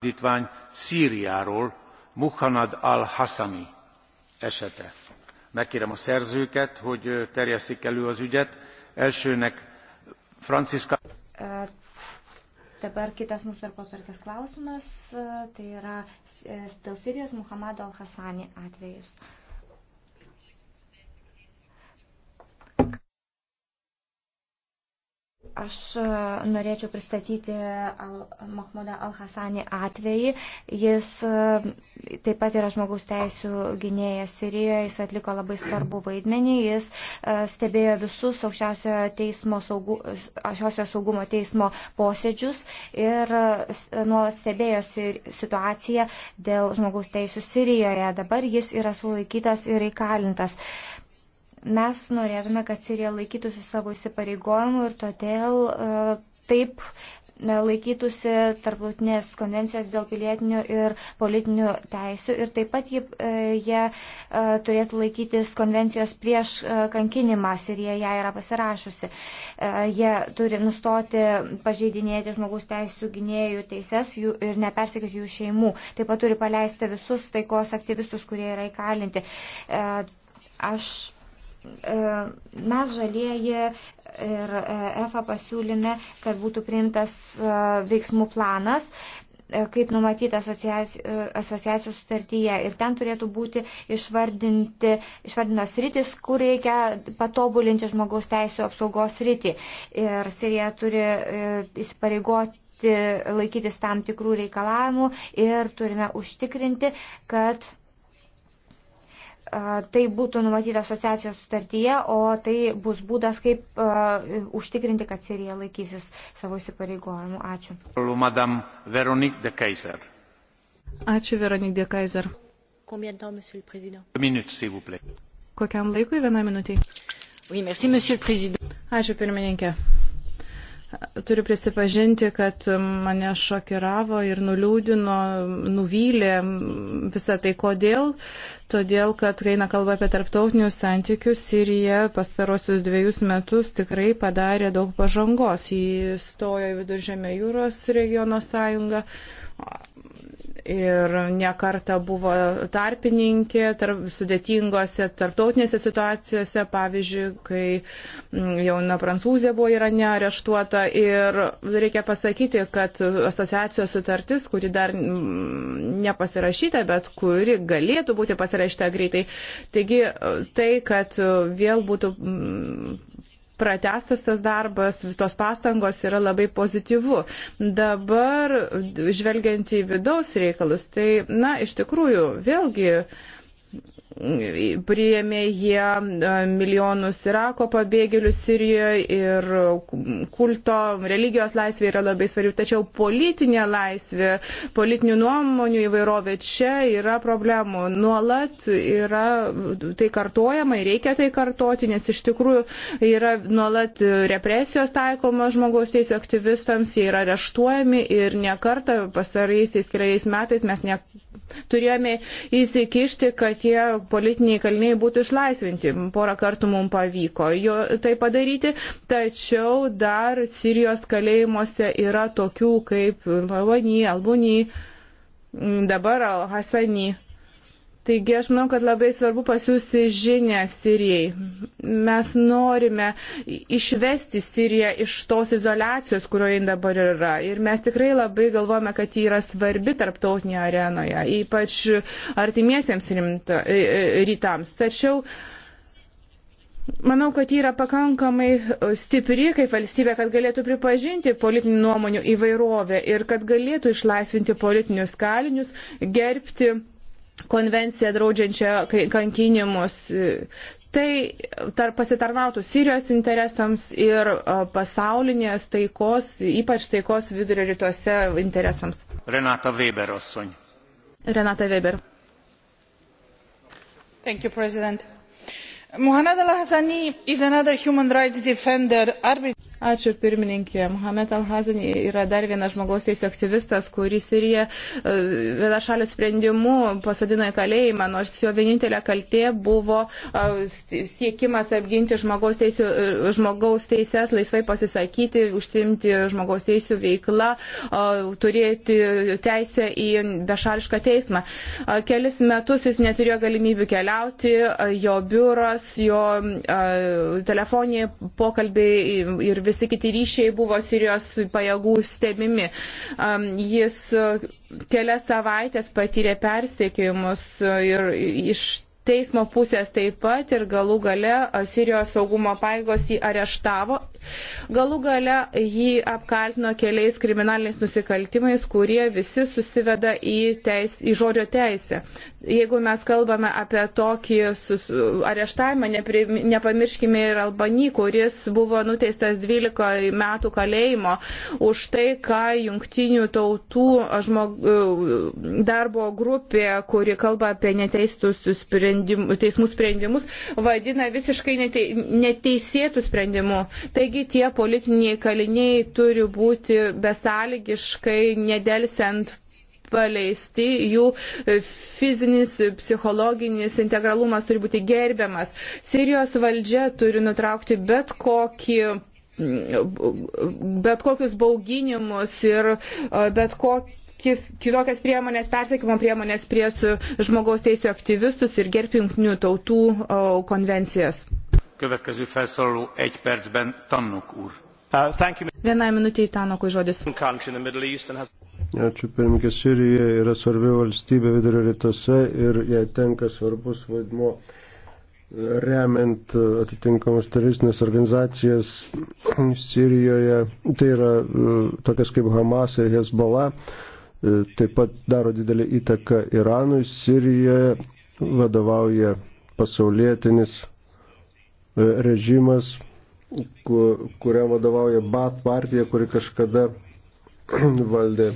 indítvány Szíriáról, Muhannad al-Hassami esete. Megkérem a szerzőket, hogy terjesszék elő az ügyet. Elsőnek Franciska. Dabar kitas mūsų darbotvarkės klausimas, tai yra e, dėl Sirijos Muhammado al-Hassani atvejis. Aš e, norėčiau pristatyti Al Mahmudą Al-Hasanį atvejį. Jis e, taip pat yra žmogaus teisų gynėjas Sirijoje, jis atliko labai svarbų vaidmenį, jis e, stebėjo visus aukščiausiojo teismo saugu, saugumo teismo posėdžius ir nuolat stebėjo situaciją dėl žmogaus teisų Sirijoje. Dabar jis yra sulaikytas ir įkalintas. Uh, Mes norėtume, kad Sirija laikytųsi savo įsipareigojimų ir todėl e, taip e, laikytųsi tarptautinės konvencijos dėl pilietinių ir politinių teisių ir taip pat e, jie, jie turėtų laikytis konvencijos prieš kankinimą ir jie ją yra pasirašusi. Jie turi nustoti pažeidinėti žmogaus teisų gynėjų teises jų, ir nepersikėti jų šeimų. Taip pat turi paleisti visus taikos aktyvistus, kurie yra įkalinti. Aš E, mes žalieji ir e, EFA pasiūlyme, kad būtų priimtas e, veiksmų planas, kaip numatyta asociacijų sutartyje. Ir ten turėtų būti išvardintos rytis, kur reikia patobulinti žmogaus teisų apsaugos rytį. Ir Sirija turi įsipareigoti laikytis tam tikrų reikalavimų ir turime užtikrinti, kad tai būtų numatyta asociacijos sutartyje, o tai bus būdas, kaip uh, užtikrinti, kad Sirija laikysis savo įsipareigojimų. Ačiū. Ačiū, Veronik de Kaiser. Kokiam laikui vieną minutį? Oui, merci, Ačiū, pirmininkė. Turiu prisipažinti, kad mane šokiravo ir nuliūdino, nuvylė visą tai. Kodėl? Todėl, kad kai eina kalba apie tarptautinius santykius, Sirija pastarosius dviejus metus tikrai padarė daug pažangos. Įstojo į Viduržėmio jūros regiono sąjungą, ir nekarta buvo tarpininkė tarp, sudėtingose tarptautinėse situacijose, pavyzdžiui, kai mm, jauna prancūzė buvo Irane areštuota ir reikia pasakyti, kad asociacijos sutartis, kuri dar mm, nepasirašyta, bet kuri galėtų būti pasirašyta greitai. Taigi tai, kad vėl būtų mm, pratestas tas darbas, tos pastangos yra labai pozityvu. Dabar, žvelgiant į vidaus reikalus, tai, na, iš tikrųjų, vėlgi, priėmė jie e, milijonus Irako pabėgėlių Sirijoje ir kulto religijos laisvė yra labai svarbi, tačiau politinė laisvė, politinių nuomonių įvairovė čia yra problemų. Nuolat yra tai kartojama ir reikia tai kartoti, nes iš tikrųjų yra nuolat represijos taikomas žmogaus teisų aktyvistams, jie yra areštuojami ir nekarta pasaraisiais keliais metais mes ne turėjome įsikišti, kad tie politiniai kaliniai būtų išlaisvinti. Porą kartų mums pavyko jo tai padaryti, tačiau dar Sirijos kalėjimuose yra tokių kaip Lavani, Albuni, dabar Al Hasani. Taigi aš manau, kad labai svarbu pasiūsti žinę Sirijai. Mes norime išvesti Siriją iš tos izolacijos, kurioje jin dabar yra. Ir mes tikrai labai galvojame, kad ji yra svarbi tarptautinėje arenoje, ypač artimiesiems rimta, e, e, rytams. Tačiau Manau, kad ji yra pakankamai e, stipri kaip valstybė, kad galėtų pripažinti politinių nuomonių įvairovę ir kad galėtų išlaisvinti politinius kalinius, gerbti konvenciją draudžiančią kankinimus. E, tai tarp pasitarnautų Sirijos interesams ir e, pasaulinės taikos, ypač taikos vidurio rytuose interesams. Renata Weber, Ossoň. Renata Weber. Thank you, President. Muhammad al-Hassani is another human rights defender. Arbit Ačiū pirmininkė. Mohamed Alhazan yra dar vienas žmogaus teisų aktyvistas, kurį Sirija e, viena šalio sprendimu pasodino į kalėjimą, nors jo vienintelė kaltė buvo e, siekimas apginti žmogaus, teisų, e, žmogaus teises, laisvai pasisakyti, užsimti žmogaus teisų veiklą, turėti teisę į bešališką teismą. Kelis metus jis neturėjo galimybių keliauti, jo biuras, jo telefoniniai pokalbiai ir visi kiti ryšiai buvo Sirijos pajėgų stebimi. Jis e, kelias savaitės patyrė persiekėjimus e, ir iš teismo pusės taip pat ir galų gale e, Sirijos saugumo paėgos jį areštavo Galų gale jį apkaltino keliais kriminaliniais nusikaltimais, kurie visi susiveda į, teis, į žodžio teisę. Jeigu mes kalbame apie tokį sus, areštavimą, nepri, nepamirškime ir Albanį, kuris buvo nuteistas 12 metų kalėjimo už tai, ką jungtinių tautų žmog, darbo grupė, kuri kalba apie neteistus sprendim, teismų sprendimus, vadina visiškai netei, neteisėtų sprendimų. Taigi, Taigi tie politiniai kaliniai turi būti besąlygiškai, nedelsiant paleisti, jų fizinis, psichologinis integralumas turi būti gerbiamas. Sirijos valdžia turi nutraukti bet kokį bet kokius bauginimus ir e, bet kokius kitokias priemonės, persekimo priemonės prie žmogaus teisų aktyvistus ir gerbti jungtinių tautų e, konvencijas. Következő felszólaló egy percben Tannok úr. Uh, Vienai minutė į Tanokui žodis. Ačiū, pirmininkė. Sirija yra svarbi valstybė vidurio rytuose ir jai tenka svarbus vaidmo remiant atitinkamas teroristinės organizacijas Sirijoje. Tai yra uh, tokias kaip Hamas ir Hezbollah. Uh, taip pat daro didelį įtaką Iranui. Sirijoje vadovauja pasaulietinis režimas, kuriam vadovauja BAT partija, kuri kažkada valdė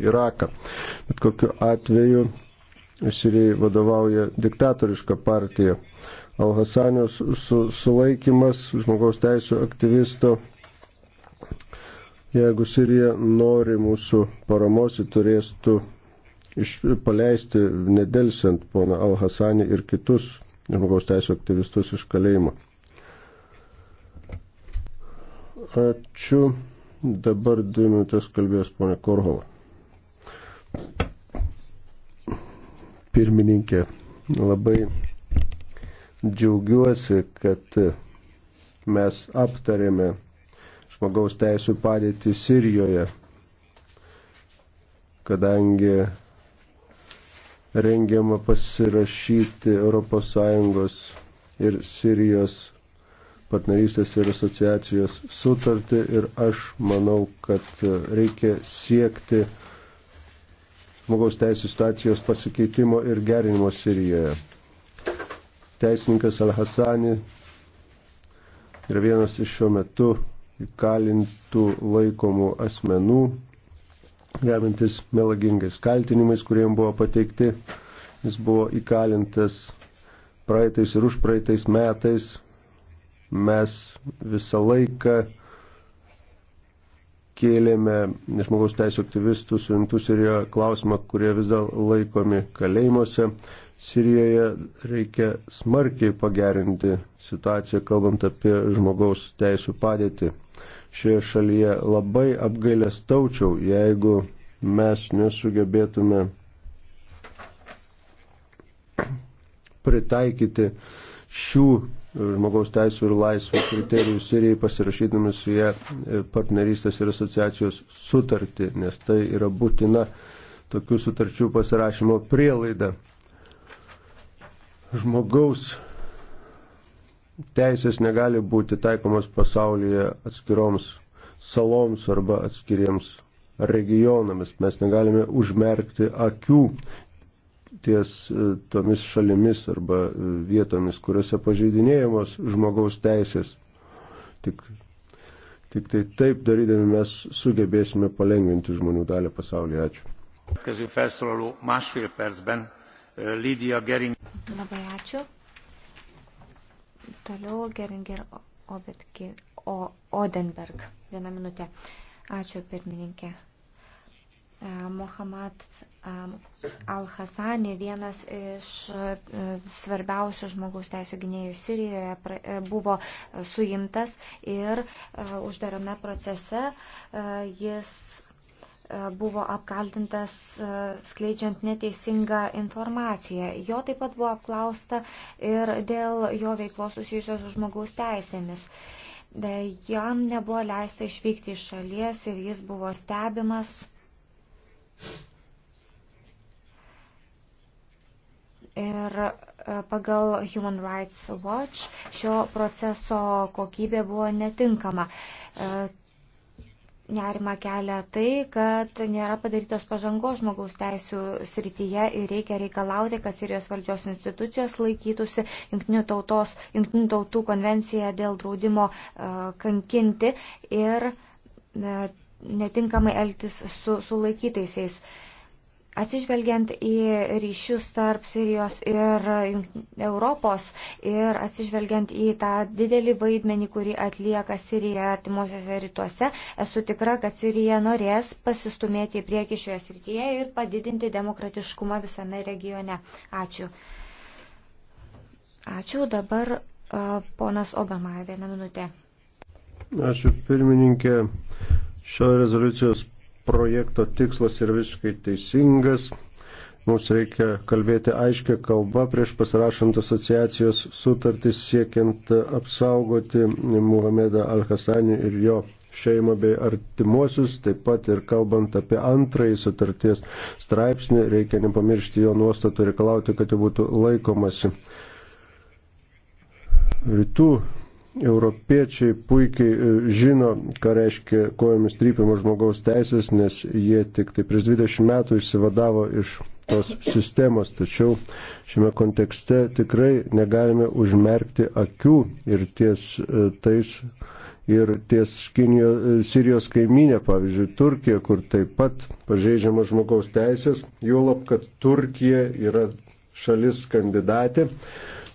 Iraką. Bet kokiu atveju Sirijai vadovauja diktatoriška partija. Alhasanios su, sulaikimas žmogaus teisų aktyvisto. Jeigu Sirija nori mūsų paramos, ji turėstų iš, paleisti nedelsiant poną Alhasanį ir kitus žmogaus teisų aktyvistus iš kalėjimo. Ačiū. Dabar dvi minutės kalbės ponė Korhola. Pirmininkė, labai džiaugiuosi, kad mes aptarėme žmogaus teisų padėtį Sirijoje, kadangi rengiama pasirašyti ES ir Sirijos partnerystės ir asociacijos sutartį ir aš manau, kad reikia siekti žmogaus teisų stacijos pasikeitimo ir gerinimo Sirijoje. Teisininkas Al-Hasani yra vienas iš šiuo metu įkalintų laikomų asmenų, remintis melagingais kaltinimais, kuriem buvo pateikti. Jis buvo įkalintas praeitais ir už praeitais metais. Mes visą laiką kėlėme žmogaus teisų aktyvistų suimtų Sirijoje klausimą, kurie vis dar laikomi kalėjimuose. Sirijoje reikia smarkiai pagerinti situaciją, kalbant apie žmogaus teisų padėtį šioje šalyje. Labai apgailestaučiau, jeigu mes nesugebėtume pritaikyti šių žmogaus teisų ir laisvų kriterijų Sirijai pasirašydami su jie partnerystės ir asociacijos sutartį, nes tai yra būtina tokių sutarčių pasirašymo prielaida. Žmogaus teisės negali būti taikomas pasaulyje atskiroms saloms arba atskiriems regionams. Mes negalime užmerkti akių ties e, tomis šalimis arba e, vietomis, kuriuose pažeidinėjamos žmogaus teisės. Tik, tik tai taip darydami mes sugebėsime palengvinti žmonių dalį pasaulyje. Ačiū. E, Labai ačiū. Toliau Geringer Obetki o, Odenberg. Vieną minutę. Ačiū, pirmininkė. E, Mohamed Al-Hasani, vienas iš e, svarbiausių žmogaus teisų gynėjų Sirijoje, e, buvo suimtas ir uždarame procese jis E, buvo apkaltintas e, skleidžiant neteisingą informaciją. Jo taip pat buvo apklausta ir dėl jo veiklos susijusios su žmogaus teisėmis. E, jam nebuvo leista išvykti iš šalies ir jis buvo stebimas. Ir pagal Human Rights Watch šio proceso kokybė buvo netinkama. Nerima kelia tai, kad nėra padarytos pažangos žmogaus teisų srityje ir reikia reikalauti, kad Sirijos valdžios institucijos laikytųsi Junktinių, tautos, Junktinių tautų konvenciją dėl draudimo uh, kankinti ir uh, netinkamai elgtis su sulaikytaisiais. Uh, Atsižvelgiant į ryšius tarp Sirijos ir Europos ir atsižvelgiant į tą didelį vaidmenį, kurį atlieka Sirija artimuosiuose rytuose, esu tikra, kad Sirija norės pasistumėti į priekį šioje srityje ir padidinti demokratiškumą visame regione. Ačiū. Ačiū. Dabar uh, ponas Obama, vieną minutę. Ačiū pirmininkė. Šio rezoliucijos projekto tikslas yra visiškai teisingas. Mums reikia kalbėti aiškę kalbą prieš pasirašant asociacijos sutartį siekiant apsaugoti Muhamedą Al-Hasanį ir jo šeimą bei artimuosius, taip pat ir kalbant apie antrąjį sutarties straipsnį, reikia nepamiršti jo nuostatų reikalauti, kad jų būtų laikomasi. Rytų europiečiai puikiai e, žino, ką reiškia kojomis trypiamas žmogaus teisės, nes jie tik tai prieš 20 metų išsivadavo iš tos sistemos. Tačiau šiame kontekste tikrai negalime užmerkti akių ir ties e, tais. Ir ties Kinio, e, Sirijos kaiminė, pavyzdžiui, Turkija, kur taip pat pažeidžiama žmogaus teisės, juolab, kad Turkija yra šalis kandidatė,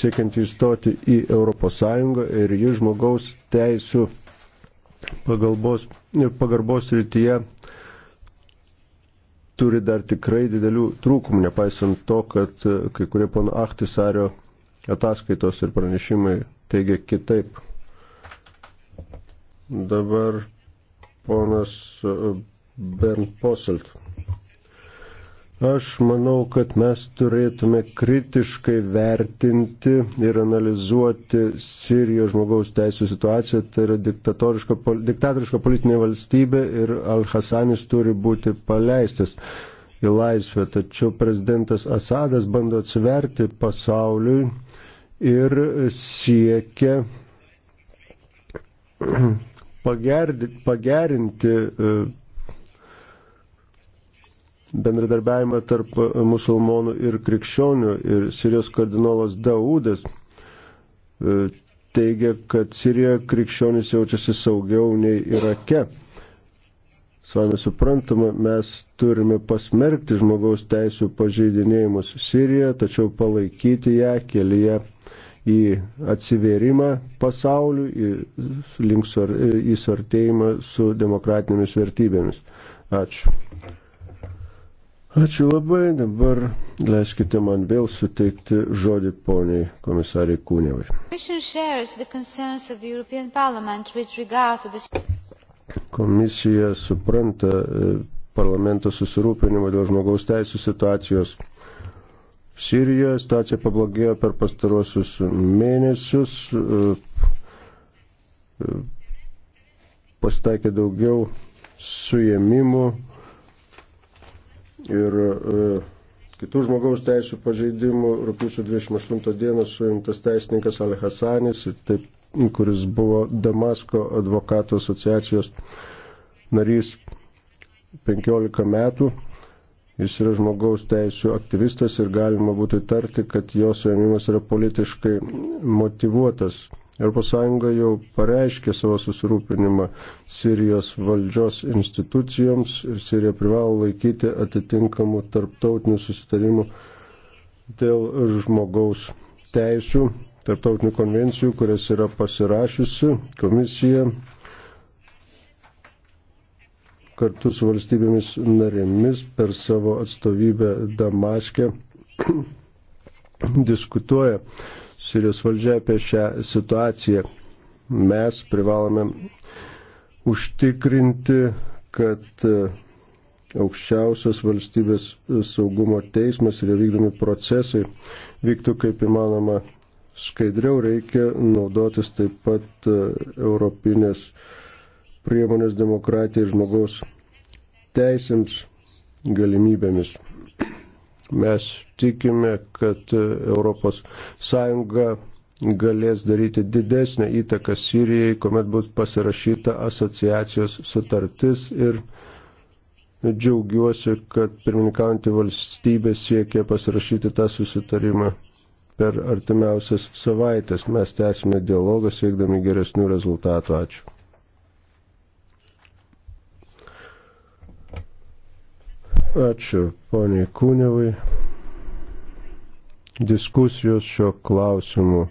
siekiant įstoti į ES ir ji žmogaus teisų pagalbos, pagarbos rytyje turi dar tikrai didelių trūkumų, nepaisant to, kad e, kai kurie pono Achtisario ataskaitos ir pranešimai teigia kitaip. Dabar ponas e, Bernd Poselt. Aš manau, kad mes turėtume kritiškai vertinti ir analizuoti Sirijos žmogaus teisų situaciją. Tai yra diktatoriška politinė valstybė ir Al-Hasanis turi būti paleistas į laisvę. Tačiau prezidentas Asadas bando atsiverti pasauliui ir siekia pagerinti e, bendradarbiavimą tarp musulmonų ir krikščionių ir Sirijos kardinolas Daudas e, teigia, kad Sirijoje krikščionys jaučiasi saugiau nei Irake. Savame suprantama, mes turime pasmerkti žmogaus teisų pažeidinėjimus Sirijoje, tačiau palaikyti ją kelyje į atsivėrimą pasauliu, į, link, į sartėjimą su demokratinėmis vertybėmis. Ačiū. Ačiū labai. Dabar leiskite man vėl suteikti žodį poniai komisariai Kūnevai. Komisija supranta e, parlamento susirūpinimą dėl žmogaus teisų situacijos. Sirijoje situacija pablogėjo per pastaruosius mėnesius. E, e, pastaikė daugiau suėmimų ir e, kitų žmogaus teisų pažeidimų. Rūpiučio 28 dieną suimtas teisininkas Al Hasanis, taip, kuris buvo Damasko advokatų asociacijos narys 15 metų. Jis yra žmogaus teisų aktyvistas ir galima būtų įtarti, kad jo suėmimas yra politiškai motivuotas. ES jau pareiškė savo susirūpinimą Sirijos valdžios institucijoms ir Sirija privalo laikyti atitinkamų tarptautinių susitarimų dėl žmogaus teisų, tarptautinių konvencijų, kurias yra pasirašiusi komisija kartu su valstybėmis narėmis per savo atstovybę Damaškę diskutuoja Sirijos valdžia apie šią situaciją. Mes privalome užtikrinti, kad e, aukščiausias valstybės e, saugumo teismas ir vykdomi procesai vyktų kaip įmanoma skaidriau, reikia naudotis taip pat e, europinės priemonės demokratijai ir žmogaus teisėms galimybėmis. Mes tikime, kad ES galės daryti didesnę įtaką Sirijai, kuomet bus pasirašyta asociacijos sutartis ir džiaugiuosi, kad pirmininkaujantį valstybę siekia pasirašyti tą susitarimą per artimiausias savaitės. Mes tęsime dialogą siekdami geresnių rezultatų. Ačiū. Ačiū poniai Kūnevai. Diskusijos šio klausimu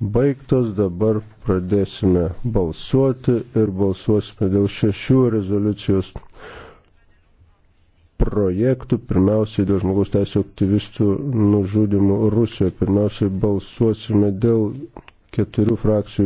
baigtos, dabar pradėsime balsuoti ir balsuosime dėl šešių rezoliucijos projektų, pirmiausiai dėl žmogaus teisų aktyvistų nužudimų Rusijoje. Pirmiausiai balsuosime dėl keturių frakcijų